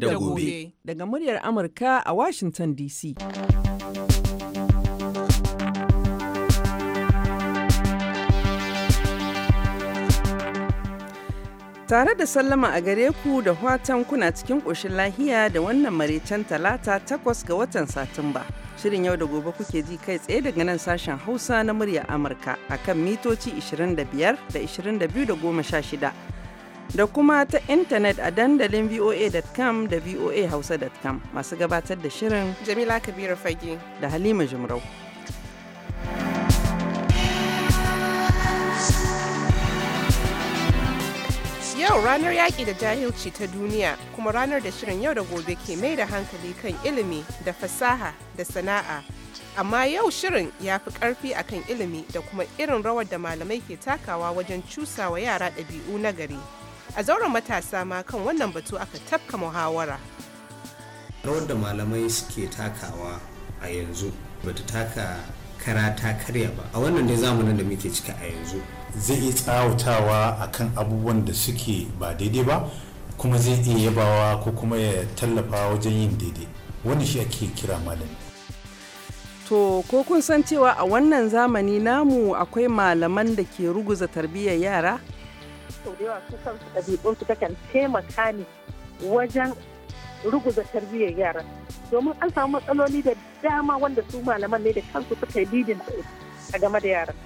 da gobe daga muryar Amurka a Washington DC. Tare da sallama a gare ku da watan kuna cikin ƙoshin lahiya da wannan maraicen talata takwas ga watan Satumba. Shirin yau da gobe kuke ji kai tsaye daga nan sashen Hausa na murya Amurka a kan mitoci 25 da 22 da 16. da kuma ta intanet a dandalin voa.com da voahausa.com masu gabatar da shirin jamila kabiru fage da halima jimrau yau ranar yaƙi da jahilci ta duniya kuma ranar da shirin yau da gobe ke mai da hankali kan ilimi da fasaha da sana'a amma yau shirin ya fi ƙarfi akan ilimi da kuma irin rawar da malamai ke takawa wajen cusawa yara ɗabi'u nagari. a zauren matasa ma kan wannan batu aka tafka muhawara rawar da malamai suke takawa a yanzu bata taka kara karya ba a wannan dai zamanin da muke cika a yanzu zai iya tsawatawa akan abubuwan da suke ba daidai ba kuma zai iya yabawa ko kuma ya tallafa wajen yin daidai wani shi ake kira malami To, ko kun san cewa a wannan zamani namu akwai malaman da ke ruguza tarbiyyar yara? sau da yawa su kansu ɗabi'unsu takan taimaka ne wajen ruguza tarbiyyar yara domin an samu matsaloli da dama wanda su malaman ne da kansu suka yi lidin a game da yaran.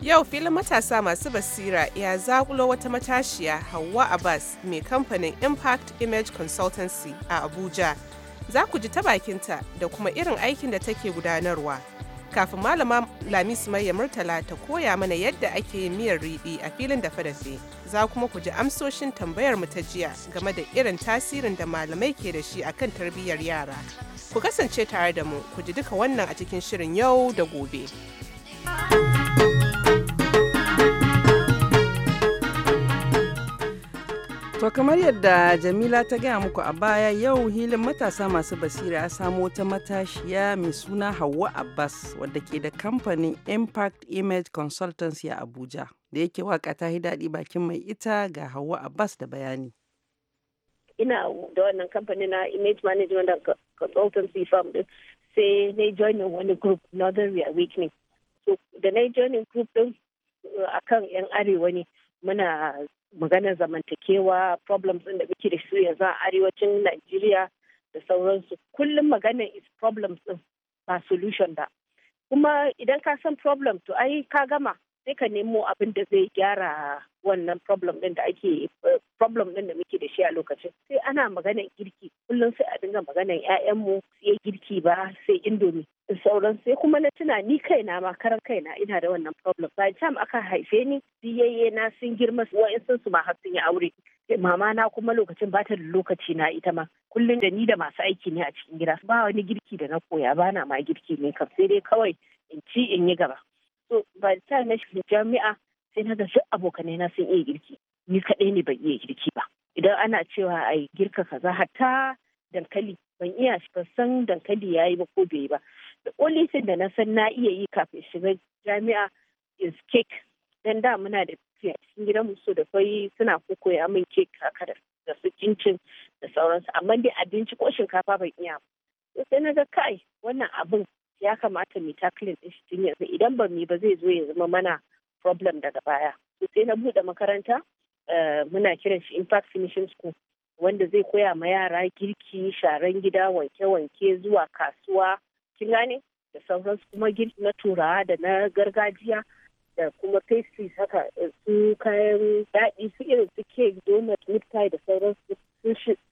Yau filin matasa masu basira ya zakulo wata matashiya Hauwa Abbas mai kamfanin Impact Image Consultancy a Abuja. Za ku ji ta bakinta da kuma irin aikin da take gudanarwa. kafin malama Lamisu Maryam Murtala ta koya mana yadda ake yin miyar riɗi a filin dafe-dafe. Za kuma ku ji amsoshin tambayar mu ta jiya game da irin tasirin da malamai ke da shi akan tarbiyyar yara. Ku kasance tare da mu, ku ji duka wannan a cikin shirin yau da gobe. To kamar yadda Jamila ta gaya muku a baya yau hilin matasa masu basira ya samo wata matashiya mai suna Hauwa Abbas wadda ke da kamfanin Impact Image Consultancy a Abuja da yake waka ta yi daɗi bakin mai ita ga Hauwa Abbas da bayani. Ina da wannan kamfani na Image Management Consultancy firm din sai na joinin wani group Northern Reawakening. So da na joinin group din uh, akan 'yan arewa ne muna maganar zamantakewa problems ɗin da muke da su yanzu a arewacin Najeriya da sauransu kullum maganar is problems ɗin ba solution da kuma idan ka san problem to ai ka gama sai ka nemo abin da zai gyara wannan problem din da ake eh, problem din da muke da shi a lokacin sai ana maganan girki kullum sai a dinga maganan ƴaƴanmu sai girki ba sai indomi sauran sai kuma na tuna ni kaina ma karan kaina ina da wannan problem by time aka haife ni diyayye na sun girma wa'in su ma har sun yi aure eh, mama na kuma lokacin bata da lokaci na ita ma kullum da ni da masu aiki ne a cikin gida ba wani girki da na koya ba na ma girki ne kam sai dai kawai in ci in yi gaba so by the time na shiga jami'a sai na ga duk abokanai na sun iya girki ni kaɗai ne ban iya girki ba idan ana cewa yi girka kaza hatta dankali ban iya shi ban san dankali yayi ba ko bai ba da olisin da na san na iya yi kafin shiga jami'a is cake dan da muna da cikin gidan mu so da kwai suna kokoya min cake haka da da su cincin da sauransu amma dai abinci ko shinkafa ban iya ba sai na ga kai wannan abin ya kamata mu tackling din shi tun yanzu idan ba mu ba zai zo ya zama mana problem daga baya sai na buɗe makaranta eh, muna kiran shi impact finishing school wanda zai koya ma yara girki sharan gida wanke-wanke zuwa kasuwa kin gane da sauransu kuma girki na turawa da na gargajiya da kuma pastries haka eh, su kayan daɗi su irin su cake donut da sauransu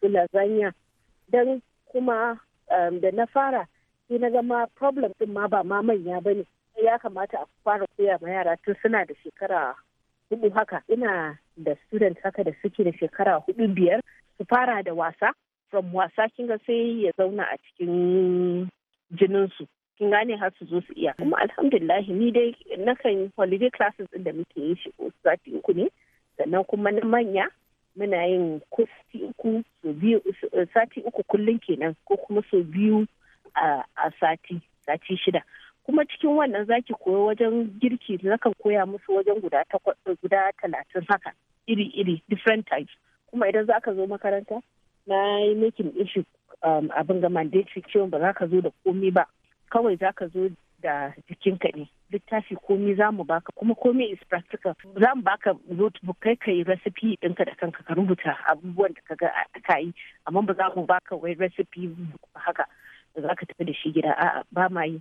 su lasagna don kuma eh, da na fara sai na gama problem din ma ba ma manya ba ne. ya kamata a fara koya ma yara tun suna da shekara hudu haka ina da student haka da suke da shekara hudu biyar su fara da wasa from wasa kinga sai ya zauna a cikin jininsu kin gane har su zo su iya kuma alhamdulillah ni dai nakan holiday classes din da muke yi shi sati uku ne sannan kuma na manya muna yin sati uku so biyu sati uku kullum kenan ko kuma so biyu a sati sati shida kuma cikin wannan zaki koyo wajen girki kan koya musu wajen guda guda talatin haka iri-iri different types kuma idan za ka zo makaranta na yi making issue um, abin ga mandatory cewa ba za ka zo da komi ba kawai za ka zo da jikinka ne littafi komi za mu baka kuma komi is practical za mu baka notebook kai ka yi recipe ɗinka da kanka ka rubuta abubuwan da ka aka yi amma ba za mu baka wai recipe haka za ka tafi da shi gida a'a ba ma yi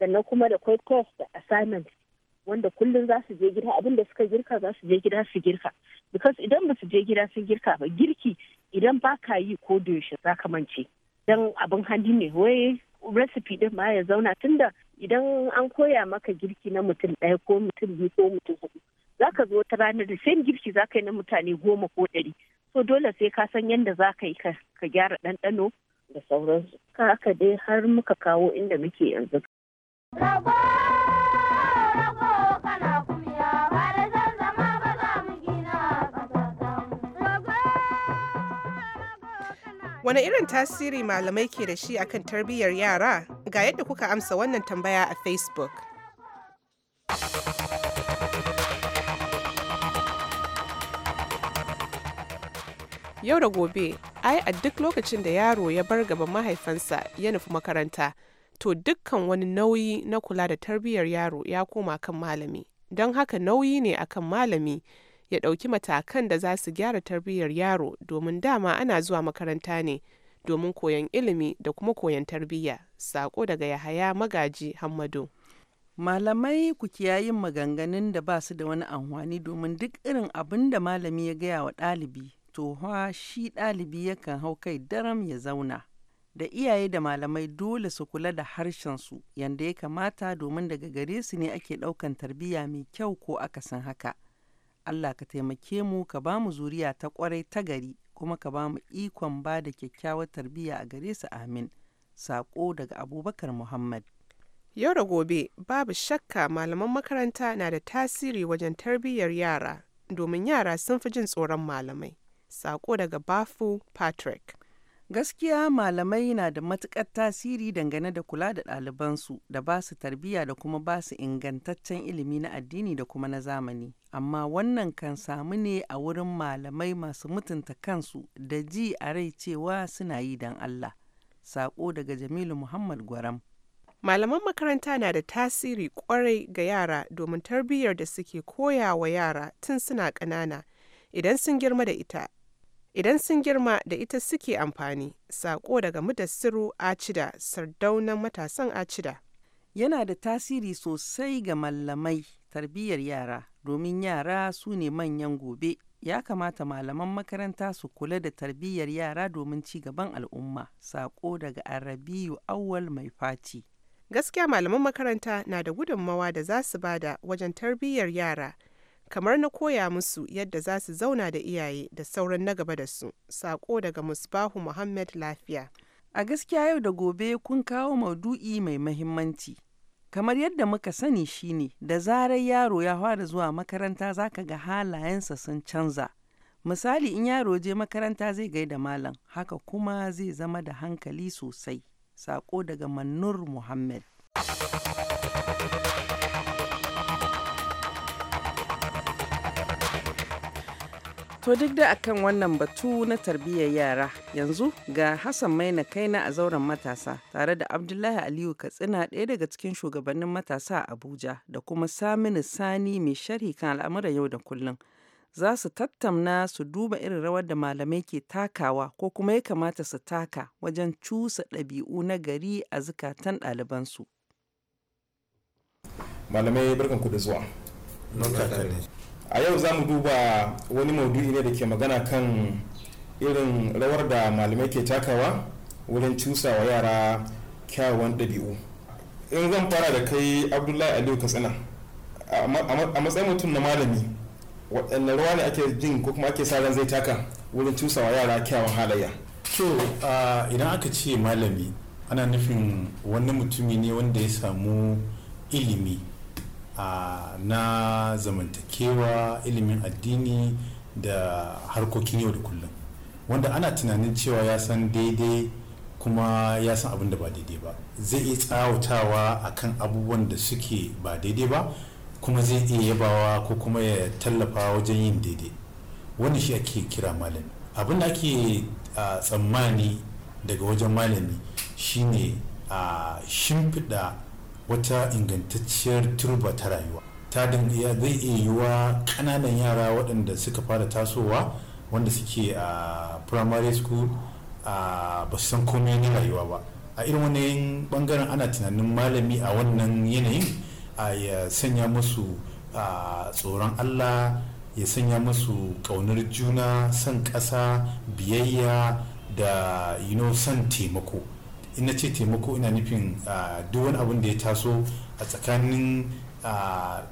sannan kuma da kwai test da assignment wanda kullum za su je gida abinda suka girka za su je gida su girka because idan ba su je gida sun girka ba girki idan ba ka yi ko da yaushe za ka mance dan abin handi ne wai recipe din ma ya zauna tunda idan an koya maka girki na mutum ɗaya ko mutum biyu ko mutum hudu za ka zo ta ranar da same girki za ka yi na mutane goma ko ɗari so dole sai ka san yadda za ka yi ka gyara ɗanɗano da sauransu haka dai har muka kawo inda muke yanzu Wane irin tasiri malamai ke da shi akan tarbiyyar yara? Ga yadda kuka amsa wannan tambaya a Facebook. Yau da gobe, ai a duk lokacin da yaro ya bar gaban mahaifansa ya nufi makaranta, to dukkan wani nauyi na kula da tarbiyyar yaro ya koma kan malami don haka nauyi ne akan malami ya ɗauki matakan da za su gyara tarbiyyar yaro domin dama ana zuwa makaranta ne domin koyon ilimi da kuma koyon tarbiyya sako daga yahaya magaji hammado malamai ku kiyayin maganganun da ba su da wani amfani domin duk irin abin da malami ya gaya wa ɗalibi to shi ɗalibi yakan hau kai daram ya zauna da iyaye da malamai dole su kula da harshensu yadda ya kamata domin daga gare su ne ake ɗaukan tarbiyya mai kyau ko akasin haka. Allah ka taimake mu ka ba mu zuriya ta kwarai ta gari kuma ka ba mu ikon ba da kyakkyawar tarbiyya a gare su amin. Sako daga Abubakar Muhammad. Yau da gobe babu shakka malaman makaranta na da tasiri wajen tarbiyyar yara domin yara sun fi jin tsoron malamai. Sako daga Bafu Patrick. Gaskiya malamai na da matuƙar tasiri dangane da kula da ɗalibansu da ba su tarbiyya da kuma ba su ingantaccen ilimi na addini da kuma na zamani. Amma wannan kan samu ne a wurin malamai masu mutunta kansu da ji a rai cewa suna yi don Allah. Saƙo daga Jamilu Muhammad Gwaram. Malaman makaranta na da tasiri ƙwarai ga yara domin tarbiyyar da suke koya wa yara tun suna ƙanana. Idan sun girma da ita, idan sun girma da ita suke amfani saƙo daga mudassiru acida sardaunan matasan acida yana da tasiri sosai ga mallamai, tarbiyyar yara domin yara su ne manyan gobe ya kamata malaman makaranta su kula da tarbiyyar yara domin ci gaban al'umma saƙo daga arabiyu awwal mai faci gaskiya malaman makaranta na da gudunmawa da za su bada wajen tarbiyyar yara kamar na koya musu yadda za su zauna da iyaye da sauran na gaba da su sako daga musbahu muhammad lafiya a gaskiya yau da gobe kun kawo maudu'i mai mahimmanci kamar yadda muka sani shine da zarar yaro ya fara zuwa makaranta zaka ga halayensa sun canza misali in yaro je makaranta zai gaida malam haka kuma zai zama da hankali sosai sako daga manur muhammad To duk da akan wannan batu na tarbiyyar yara yanzu ga Hassan Maina na a zauren matasa tare da Abdullahi Aliyu Katsina ɗaya daga cikin shugabannin matasa a Abuja da kuma Saminu Sani mai sharhi kan al'amuran yau da kullum. Za su tattamna su duba irin rawar da malamai ke takawa ko kuma ya kamata su taka wajen cusa ɗabi'u na gari a zukatan ɗalibansu. Malamai yi barkanku da zuwa. a yau za mu duba wani maudu'i ne da ke magana kan irin rawar da malamai ke takawa wurin cusawa yara kyawun ɗabi'u in zan fara da kai abdullahi aliyu katsina a matsayin mutum na malami waɗanne rawa ne ake jin ko kuma ake sa ran zai taka wurin cusawa yara kyawun halayya to idan aka ce malami ana nufin wani mutumi ne wanda ya samu ilimi na zamantakewa ilimin addini da harkokin yau da kullum wanda ana tunanin cewa ya san daidai kuma ya san abin da ba daidai ba zai iya tsawatawa akan abubuwan da suke ba daidai ba kuma zai iya yabawa ko kuma ya tallafa wajen yin daidai wani shi ake kira malami abin da ake tsammani daga wajen malami shine a shimfiɗa wata ingantacciyar turba ta rayuwa ta zai iya yiwuwa kananan yara waɗanda suka fara tasowa wanda suke a primary school a ba san komai na rayuwa ba a irin wani bangaren ana tunanin malami a wannan yanayin a ya sanya musu tsoron allah ya sanya musu ƙaunar juna son ƙasa biyayya da you know, son taimako ina ce taimako ina nufin duk wani abun da ya taso a tsakanin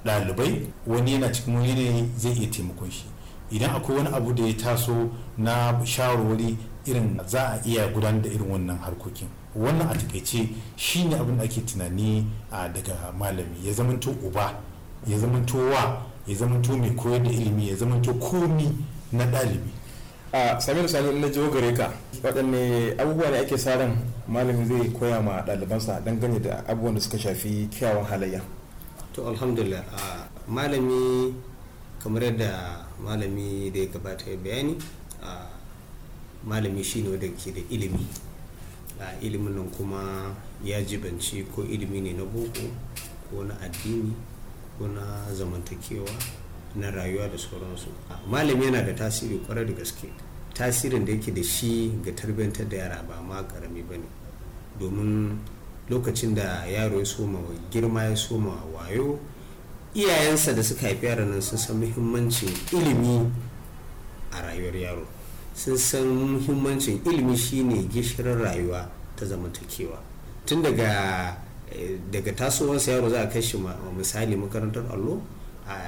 dalibai wani yana cikin wani yanayi zai iya taimakon shi idan akwai wani abu da ya taso na shawarwari irin za a iya gudanar da irin wannan harkokin wannan a takaice shi ne abin da ake tunani daga malami ya zamanto uba ya zamanto wa ya zamanto mai koyar da ilimi ya zamanto komi na ɗalibi a samir sani na jiwo gare ka waɗanne abubuwa ne ake sa ran malami zai koya ma ɗalibansa dangane da abubuwan da suka shafi kyawun halayya to alhamdulillah malami kamar yadda malami da ya gabata ya bayani malami shine wadda ke da ilimi a ilimin nan kuma ya jibanci ko ilimi ne na boko ko na addini ko na zamantakewa na rayuwa da sauransu ah, malami yana da tasiri kwarai da gaske tasirin da yake da shi ga tarbiyyantar da yara ba ma karami ba ne domin lokacin da yaro ya soma girma ya soma wayo iyayensa da suka haifi yaran nan sun san muhimmancin ilimi a rayuwar yaro sun san muhimmancin ilimi shine gishirin rayuwa ta zamantakewa tun daga eh, daga tasowarsa yaro za a kai shi misali makarantar allo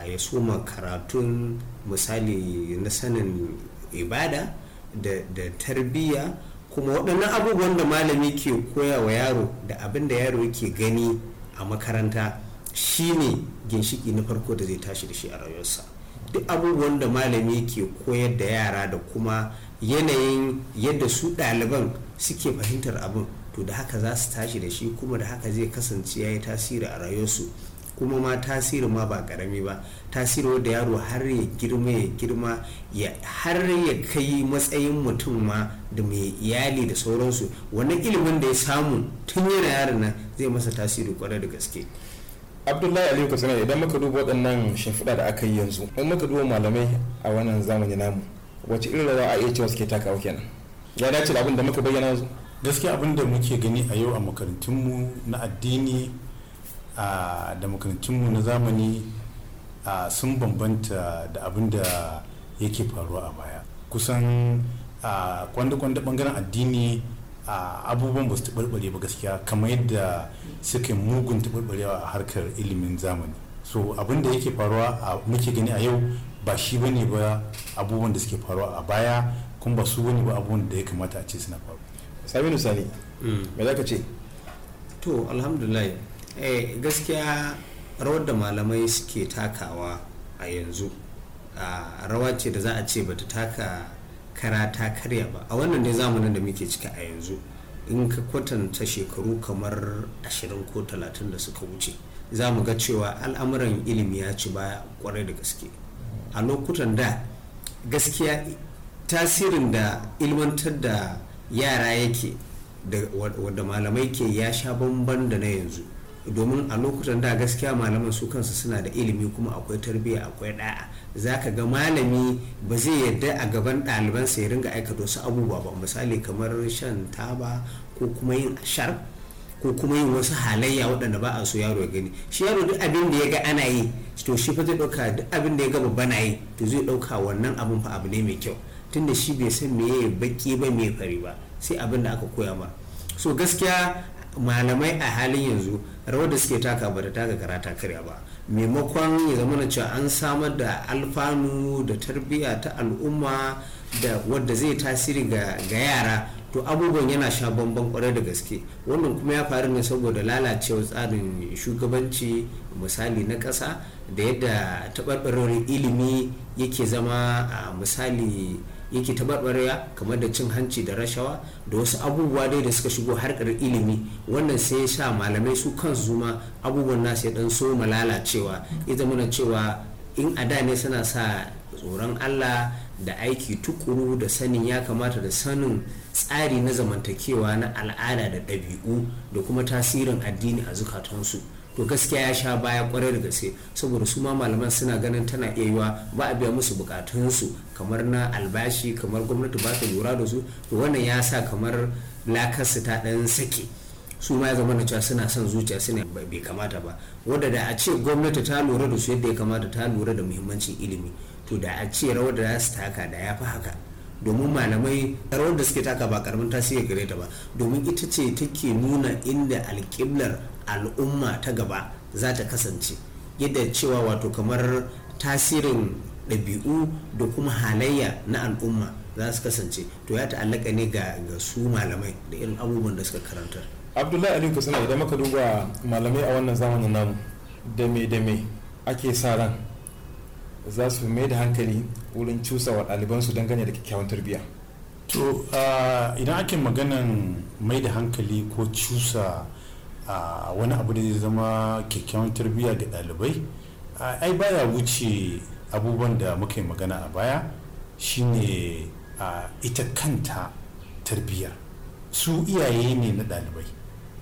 ya soma karatun misali na sanin ibada da tarbiyya kuma waɗannan abubuwan da malami ke koya wa yaro da abin da yaro yake gani a makaranta shine ginshiki na farko da zai tashi da shi a rayuwarsa duk abubuwan da malami ke koyar da yara da kuma yanayin yadda su ɗaliban suke fahimtar abin to da haka za su tashi da shi kuma da haka zai kasance ya yi tasiri a rayuwarsu kuma ma tasiri ma ba karami ba tasiri da yaro har ya girma ya girma ya har ya kai matsayin mutum ma da mai iyali da sauransu wannan ilimin da ya samu tun yana yaron nan zai masa tasiri kwarai da gaske abdullahi aliyu kasana idan muka duba waɗannan shimfiɗa da aka yi yanzu in muka duba malamai a wannan zamani namu wace irin rawa a iya cewa suke takawa kenan ya dace da abin da muka bayyana yanzu gaskiya abin da muke gani a yau a makarantunmu na addini a mu na zamani sun bambanta da abin da yake faruwa a baya kusan kwanda-kwanda bangaren addini abubuwan ba su taɓarɓare ba gaskiya kamar yadda suke mugun taɓarɓarewa a harkar ilimin zamani so abin da yake faruwa a muke gani a yau ba shi ba ne ba abubuwan da suke faruwa a baya kuma ba su wani ba abubuwan da ya kamata a ce suna faru sami misali mm. me za ka ce to alhamdulillah eh gaskiya rawar da malamai suke takawa a yanzu rawa ce da za a ce bata taka kara ta karya ba a wannan dai zamanin da muke ciki a yanzu in ka kwatanta shekaru kamar 20 ko 30 da suka wuce za mu ga cewa al'amuran ilimi ya ci baya kwarai da gaske a lokutan da gaskiya tasirin da ilmantar da yara yake da wadda malamai ke ya sha bamban da na yanzu domin a lokutan da gaskiya malaman su kansu suna da ilimi kuma akwai tarbiyya akwai da'a za ka ga malami ba zai yarda a gaban ɗalibansa ya ringa aikata wasu abubuwa ba misali kamar shan taba ko kuma yin ashar ko kuma yin wasu halayya waɗanda ba a so yaro ya gani shi yaro duk abin da ya ga ana yi to shi fa zai ɗauka duk abin da ya ga babba na yi to zai ɗauka wannan abin fa abu ne mai kyau tunda shi bai san me ya baki ba me fari ba sai abin da aka koya ba so gaskiya malamai a halin yanzu rawar da suke taka ba da taka karata karya ba maimakon ya zama na cewa an samar da alfanu da tarbiyya ta al'umma da wadda zai tasiri ga yara to abubuwan yana sha bamban kwarai da gaske wannan kuma ya faru ne saboda lalacewar tsarin shugabanci misali na ƙasa da yadda taɓarɓarar ilimi yake zama a misali yake taɓarɓarewa kamar da cin hanci da rashawa da wasu abubuwa dai da suka shigo harkar ilimi wannan sai ya sa malamai su kan zuma abubuwan nasu ya dan so malalacewa ya muna cewa in a da ne suna sa tsoron allah da aiki tukuru da sanin ya kamata da sanin tsari na zamantakewa na al'ada da ɗabi'u da kuma tasirin addini a zukatansu to gaskiya ya sha baya kwarai da gaske saboda su ma malaman suna ganin tana iya yiwa ba a biya musu bukatunsu kamar na albashi kamar gwamnati ba ta lura da su to wannan ya sa kamar lakarsu ta dan sake su ma ya zama na cewa suna son zuciya suna bai kamata ba wadda da a ce gwamnati ta lura da su yadda ya kamata ta lura da muhimmancin ilimi to da a ce rawar da za su taka da ya fi haka domin malamai rawar da suke taka ba karamin tasiri gare ta ba domin ita ce take nuna inda alƙiblar al'umma ta gaba za ta kasance yadda cewa wato kamar tasirin ɗabi'u da kuma halayya na al'umma za su kasance to ya ta'allaka ne ga su malamai da irin abubuwan da suka karanta. abdullahi aliyu kasana idan maka duba malamai a wannan zamanin namu da me da me ake sa ran za su mai da hankali wurin cusa wa ɗalibansu dangane da kyakkyawan tarbiyya to ah, idan ake maganan mai da hankali ko cusa a wani abu da zai zama kyakkyawan tarbiyya ga ɗalibai ai baya wuce abubuwan da muka yi magana a baya shine ita kanta tarbiyya su iyaye ne na ɗalibai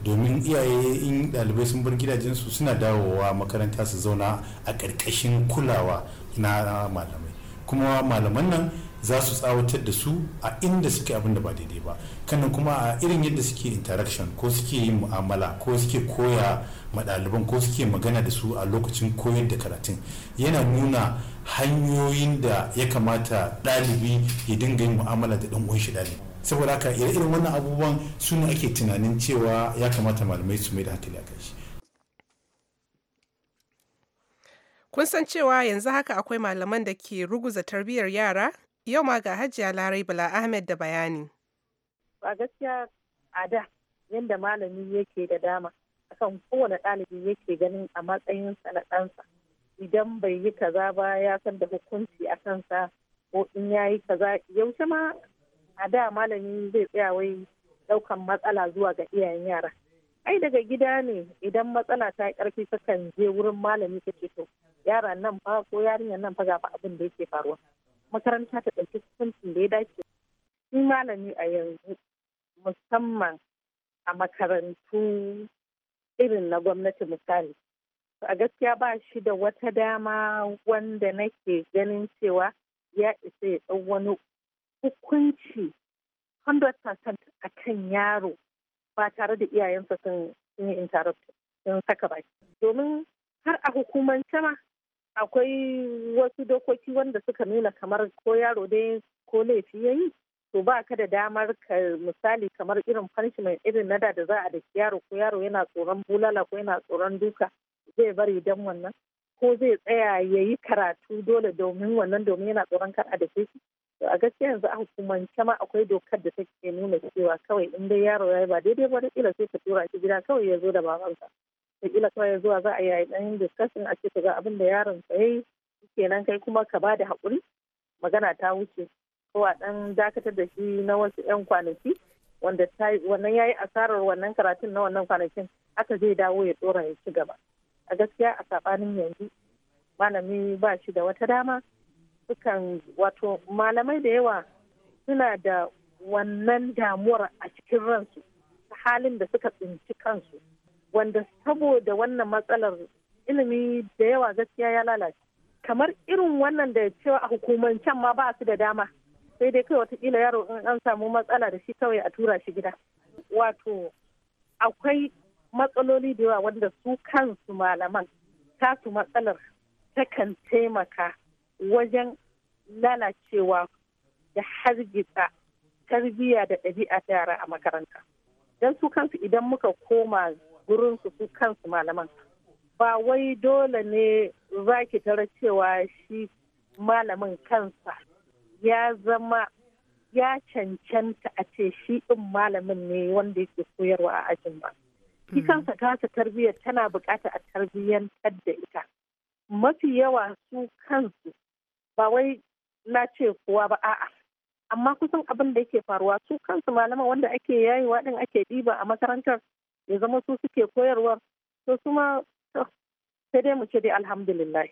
domin iyaye in ɗalibai sun bar gidajensu suna dawowa makaranta su zauna a ƙarƙashin kulawa na malamai kuma malaman nan za su tsawatar da su a inda suke abin da ba daidai ba kannan kuma a irin yadda suke interaction ko suke yin mu'amala ko suke koya ma ɗaliban ko suke magana da su a lokacin koyar da karatun yana nuna hanyoyin da ya kamata ɗalibi ya dinga yin mu'amala da ɗan shi ɗalibi saboda haka irin wannan abubuwan su ne ake tunanin cewa ya kamata malamai su mai da hankali a kai shi kun san cewa yanzu haka akwai malaman da ke ruguza tarbiyyar yara Yau ma ga Hajiya Larai Bala Ahmed da bayani. Ba gaskiya a da yadda malami yake da dama akan kowane ɗalibi yake ganin a matsayinsa na ɗansa idan bai yi kaza ba ya san da hukunci a kansa ko in ya yi kaza yaushe ma a da malami zai tsaya wai ɗaukan matsala zuwa ga iyayen yara. ai daga gida ne idan matsala ta karfi kakan je wurin malami ta ce to yaran nan fa ko yarinyar nan fa ga abin da yake faruwa makaranta ta ɗauki hukuncin da ya dace malami a yanzu musamman a makarantu irin na gwamnati misali a gaskiya ba shi da wata dama wanda nake ganin cewa ya isa ya ɗau wani hukunci 100% a kan yaro ba tare da iyayensa sun yi interrupt sun saka baki domin har a hukumance ma akwai wasu dokoki wanda suka nuna kamar ko yaro dai ko laifi ya yi to ba ka da damar ka misali kamar irin punishment irin nada da za a da yaro ko yaro yana tsoron bulala ko yana tsoron duka zai bari dan wannan ko zai tsaya ya yi karatu dole domin wannan domin yana tsoron kar a da shi to a gaskiya yanzu a hukumance ma akwai dokar da take nuna cewa kawai in dai yaro ya yi ba daidai ba da kila sai ka tura shi gida kawai ya zo da babansa kila kawai zuwa za a yi ɗan discussion a ce ga abin da yaron sa yi kenan kai kuma ka ba da haƙuri magana ta wuce ko a ɗan dakatar da shi na wasu 'yan kwanaki wanda wannan ya yi asarar wannan karatun na wannan kwanakin aka zai dawo ya tsora ya ci gaba a gaskiya a saɓanin yanzu malami ba shi da wata dama sukan wato malamai da yawa suna da wannan damuwar a cikin ransu ta halin da suka tsinci kansu wanda saboda wannan matsalar ilimi da yawa gaskiya ya lalace kamar irin wannan da cewa a hukumancen ma ba su da dama sai dai kai watakila yaro in an samu matsala da shi kawai a tura shi gida wato akwai matsaloli da yawa wanda su kansu malaman tasu matsalar takan taimaka wajen lalacewa da hargitsa tarbiyya da ɗabi'a ta yara a makaranta don su kansu idan muka koma gurin su su kansu malaman ba wai dole ne za ki tara cewa shi malamin kansa ya zama ya cancanta a ce shi ɗin malamin ne wanda yake koyarwa a ajin ba. Shi hmm. kansa su tarbiyyar tana bukata a tarbiyyantar da ita. Mafi yawa su kansu ba wai na ce kuwa ba a'a. Amma kusan abin da yake faruwa su kansu malaman wanda ake yayewa ɗin ake ɗiba a makarantar ya zama su suke koyarwar to su ma sai dai mu ce dai alhamdulillah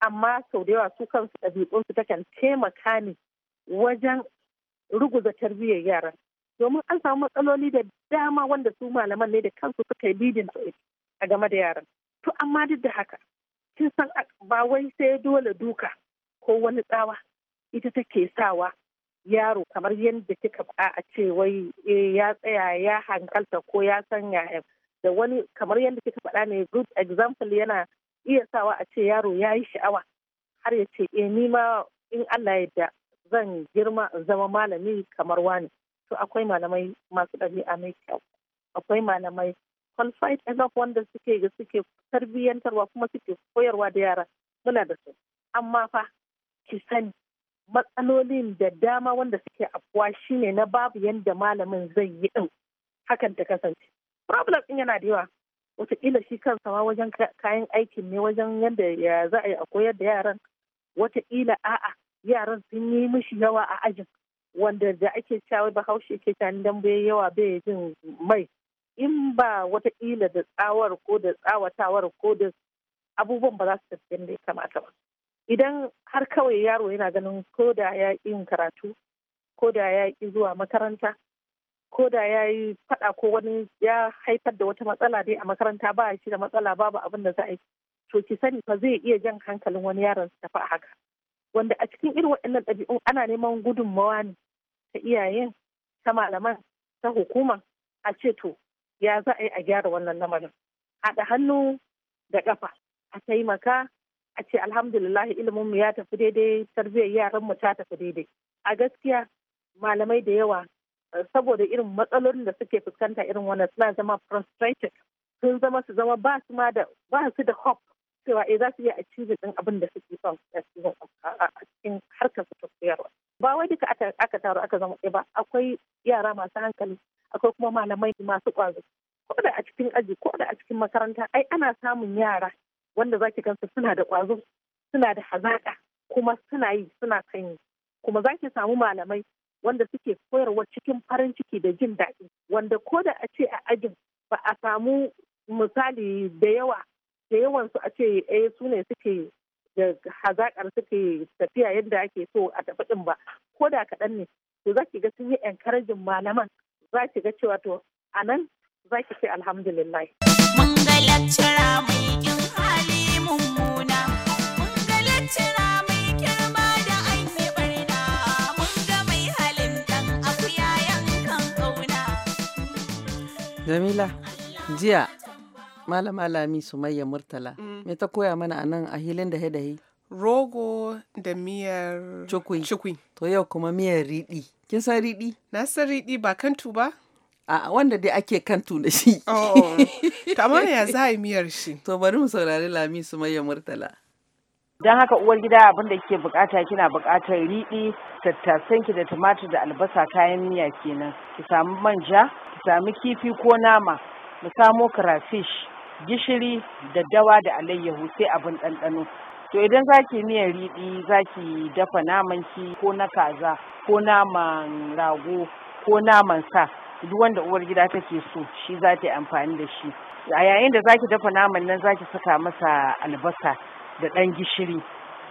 amma sau da yawa su kansu su takan taimaka ne wajen ruguza tarbiyyar yaran domin an samu matsaloli da dama wanda su malaman ne da kansu suka yi bidin a game da yaran to amma duk da haka kin san ba wai sai dole duka ko wani tsawa ita take sawa yaro kamar yadda kika ba a ce wai eh, ya tsaya ya hankalta ko ya san yaya da wani kamar yadda kika faɗa ne good example yana iya sawa a ce yaro ya yi sha'awa har ya ce e ni ma in Allah ya da zan girma zama malami kamar wani to akwai malamai masu ɗabi'a mai kyau akwai malamai qualified enough wanda suke suke tarbiyyantarwa kuma suke koyarwa da yara muna da su amma fa ki sani matsalolin da dama wanda suke afuwa shine na babu yadda malamin zai yi din hakan ta kasance problem din yana da yawa wataƙila shi kansa ma wajen kayan aikin ne wajen yadda ya za a yi a koyar da yaran wataƙila a'a yaran sun yi mishi yawa a ajin wanda da ake cewa bahaushe ke ta dan bai yawa bai jin mai in ba wataƙila da tsawar ko da tsawatawar ko da abubuwan ba za su tafi yadda ya kamata ba idan har kawai yaro yana ganin ko da ya yin karatu ko da ya yi zuwa makaranta ko da ya yi faɗa ko wani ya haifar da wata matsala dai a makaranta ba shi da matsala babu abin da za a yi to ki sani fa zai iya jan hankalin wani yaron su tafi a haka wanda a cikin irin waɗannan ɗabi'un ana neman gudunmawa ne ta iyayen ta malaman ta hukuma a ce to ya za a yi a gyara wannan lamarin haɗa hannu da ƙafa a taimaka a ce alhamdulillah ilimin mu ya tafi daidai tarbiyyar yaran mu ta tafi daidai a gaskiya malamai da yawa eh, saboda irin matsalolin da suke fuskanta irin wannan suna zama frustrated sun zama su zama ba su ma da ba su da hope cewa eh za su iya achieve din abin da suke son a cikin harkar su koyarwa ba wai duka aka taru aka zama ba akwai yara masu hankali akwai kuma malamai masu kwazo ko da a cikin aji ko da a cikin makaranta ai ana samun yara wanda za zaki gansu suna da ƙwazo suna da hazaƙa kuma suna yi suna sanyi kuma za ki samu malamai wanda suke koyarwa cikin farin ciki da jin daɗi wanda ko da a ce a ajin ba a samu misali da yawa da yawan su a ce eh su ne suke da hazaƙar suke tafiya yadda ake so a tafi ɗin ba ko da kaɗan ne to za ki ga sun yi encouraging malaman za ki ga cewa to a nan ki ce alhamdulillah. Mun ga Jamila, jiya Malama Lami Sumayya Murtala, mm. me ta koya mana a nan a hilin da dahi Rogo da miyar cukwi. To yau kuma miyar riɗi. Kin san riɗi? Na san riɗi ba kantu ba? A wanda dai ake kantu da shi. Oh, to ya za a yi miyar shi. To bari mu saurari Lami Sumayya Murtala. don haka uwar gida abin da kike bukata kina bukatar riɗi tattasan ki da tumatir da albasa kayan miya kenan ki samu manja ki samu kifi ko nama mu samo crayfish gishiri da dawa da alayyahu sai abin ɗanɗano to idan za ki miyar riɗi za ki dafa naman ki ko na kaza ko naman rago ko naman sa duk wanda uwar gida take so shi za ta yi amfani da shi a yayin da za ki dafa naman nan za ki saka masa albasa da ɗan gishiri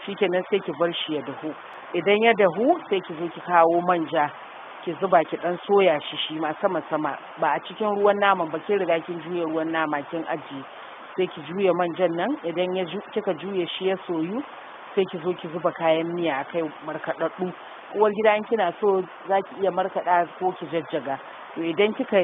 shikenan sai ki bar shi ya dahu idan ya dahu sai ki zo ki kawo manja ki zuba ki ɗan soya shi shi ma sama sama ba a cikin ruwan naman ba kin riga kin juya ruwan nama kin aji sai ki juya manjan nan idan ya kika juya shi ya soyu sai ki zo ki zuba kayan miya akai markaɗaɗɗu uwar gida in kina so za ki iya markaɗa ko ki jajjaga to idan kika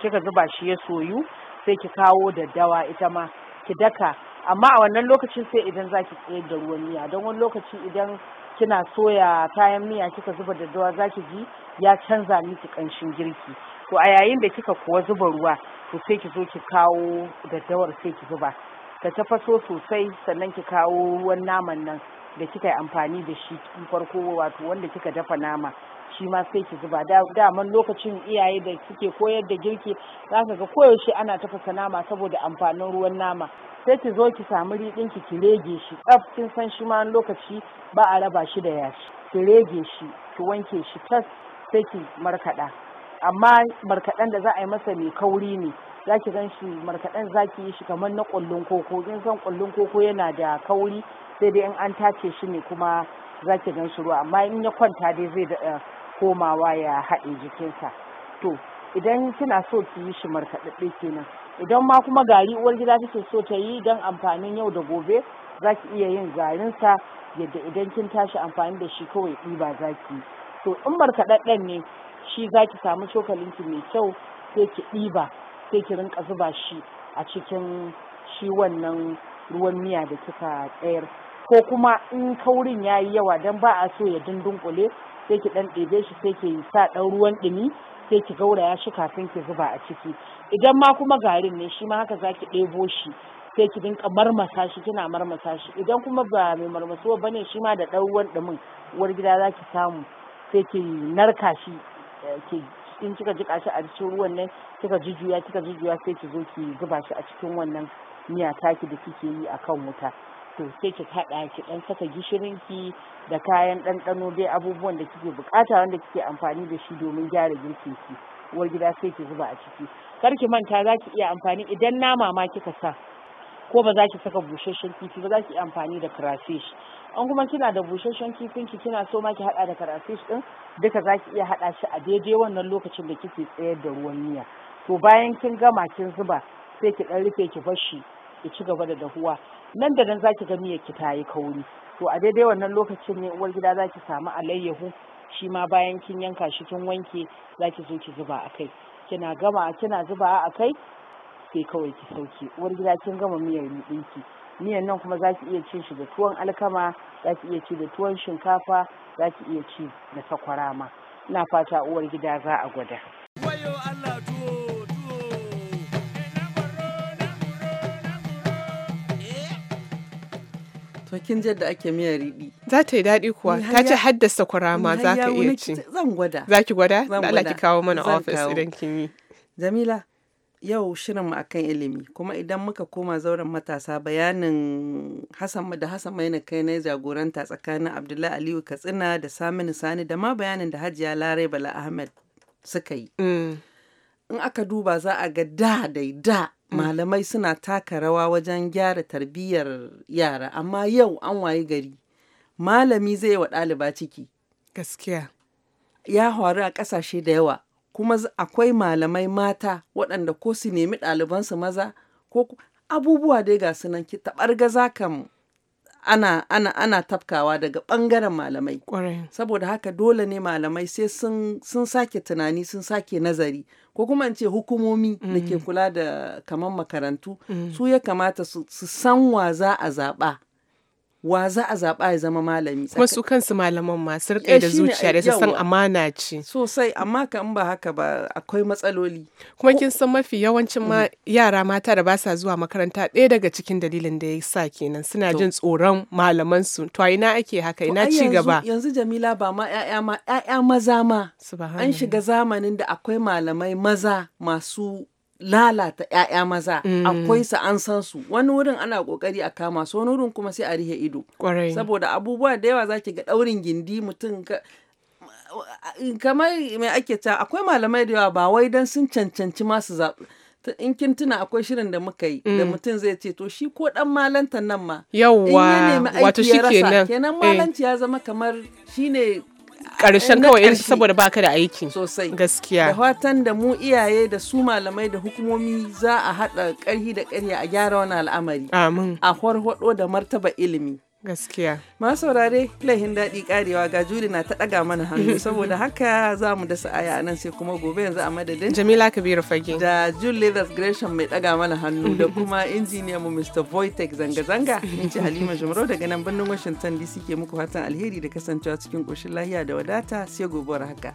kika zuba shi ya soyu sai ki kawo daddawa ita ma ki daka amma a wannan lokacin sai idan za ki tsayar da ruwan miya don wani lokaci idan kina soya kayan miya kika zuba daddawa za ki ji ya canza miki ƙanshin girki to a yayin da kika kuwa zuba ruwa to sai ki zo ki kawo daddawar sai ki zuba ka tafaso sosai sannan ki kawo ruwan naman nan da kika yi amfani da shi farko wato wanda kika dafa nama shi ma sai ki zuba daman lokacin iyaye da suke koyar da girki za ka ga koyaushe ana tafasa nama saboda amfanin ruwan nama sai ki zo ki samu riɗin ki ki rege shi tsaf kin san shi ma lokaci ba a raba shi da yashi ki rege shi ki wanke shi tas sai ki markaɗa amma markaɗen da za a yi masa mai kauri ne za ki gan shi markaɗen za ki yi shi kamar na ƙullun koko In san ƙullun koko yana da kauri sai dai in an tace shi ne kuma za ki gan shi ruwa amma in ya kwanta dai zai da komawa ya haɗe jikinsa to idan kina so ki yi shi markaɗaɗɗe kenan idan ma kuma gari uwar gida take so ta yi don amfanin yau da gobe za ki iya yin garinsa yadda idan kin tashi amfani da shi kawai ɗiba za ki to in markaɗaɗɗen ne shi za ki samu cokalinki mai kyau sai ki ɗiba sai ki rinka zuba shi a cikin shi wannan ruwan miya da kika tsayar ko kuma in kaurin ya yi yawa don ba a so ya dundunkule sai ki ɗan ɗebe shi sai ki sa ɗan ruwan ɗumi sai ki gauraya shi kafin ki zuba a ciki idan ma kuma garin ne shi ma haka zaki ɗebo shi sai ki dinka marmasa shi kina marmasa shi idan kuma ba mai ba ne shi ma da ɗauwan ɗumin uwar gida za ki samu sai ki narka shi eh, ki in kika jika shi a cikin ruwan nan kika jujjuya kika jujjuya sai ki zo ki zuba shi a cikin wannan miya taki da kike yi akan wuta to sai ki haɗa ki ɗan saka gishirin ki da kayan ɗanɗano dai abubuwan da kike bukata wanda kike amfani da shi domin gyara girkin ki uwar gida sai ki zuba a ciki kar ki manta za ki iya amfani idan nama ma kika sa ko ba za ki saka busasshen kifi ba za ki iya amfani da crayfish an kuma kina da busasshen kifin ki kina so ma ki haɗa da crayfish ɗin duka za ki iya haɗa shi a daidai wannan lokacin da kike tsayar da ruwan miya to bayan kin gama kin zuba sai ki ɗan rufe ki bar shi ki ci gaba da dahuwa nan da nan zaki ga miyar ki ta yi kauri to a daidai wannan lokacin ne uwar gida zaki samu alayyahu shi ma bayan kin yanka shi kin wanke zaki zo ki zuba a kai kina gama kina zuba a kai sai kawai ki sauke uwar gida kin gama miyar ɗinki miyan nan kuma zaki iya cin shi da tuwon alkama zaki iya ci da tuwon shinkafa zaki iya ci da sakwara ma ina fata uwar gida za a gwada to kin da ake miyar riɗi za ta yi daɗi kuwa ta ce haddasa kurama za ta iya ci zan gwada za ki gwada da Allah ki kawo mana ofis idan kin yi Jamila yau shirin mu akan ilimi kuma idan muka koma zauren matasa bayanin Hassan da Hassan Maina kai na jagoranta tsakanin Abdullahi Aliyu Katsina da Saminu Sani da ma bayanin da Hajiya Larai Bala Ahmed suka yi. Mm. In aka duba za a ga da dai da Mm. malamai suna taka rawa wajen gyara tarbiyyar yara amma yau an wayi gari malami zai yi wa ɗaliba ciki gaskiya ya faru a ƙasashe da yawa kuma akwai malamai mata waɗanda ko su nemi ɗalibansu maza ko abubuwa dai ga sunan ki taɓar ana ana ana tafkawa daga ɓangaren malamai saboda haka dole ne malamai sai sun sake tunani sun sake nazari ko kuma in ce hukumomi da ke mm. kula da kamar makarantu mm. su ya kamata su san wa za a zaɓa wa za a zaɓa ya zama malami. Kuma su kansu malaman masu riƙe eh, da zuciya da san amana ce. Sosai amma ka ba haka ba akwai matsaloli. Kuma kin san mafi yawancin ma mm. yara mata da ba sa zuwa makaranta ɗaya daga cikin dalilin da ya sa kenan suna jin tsoron malaman su to ina ake haka ina ci gaba. Yanzu Jamila ba ma ƴaƴa ma ƴaƴa maza ma. An shiga zamanin da akwai malamai maza masu lalata 'ya'ya maza mm. akwai su an san su wani wurin ana kokari a kama su wani wurin kuma sai a rihe ido saboda abubuwa da yawa zaki ga daurin gindi mutum ka kamar mai ake ta akwai malamai da yawa ba wai dan sun cancanci masu zaɓi in kin tuna akwai shirin da muka yi da mm. mutum zai ce to shi ko dan malanta nan ma yawwa wato shi kenan kenan eh. malanci ya zama kamar shine karshen kawai saboda baka da aiki sosai gaskiya da fatan da mu iyaye da su malamai da hukumomi za a haɗa ƙarhi da ƙarya a gyara wani al'amari amin a horhoɗo da martaba ilimi Gaskiya. Masu saurare lahin daɗi karewa ga juri na ta ɗaga mana hannu saboda haka za mu dasa aya nan sai kuma gobe yanzu a madadin. Jamila Kabiru Fage. Da Jule Leathers Gresham mai ɗaga mana hannu da kuma injiniya mu Mr. Voitek zanga-zanga. in ce Halima jumaro daga nan birnin Washington DC ke muku fatan alheri da kasancewa cikin ƙoshin lahiya da wadata sai gobe haka.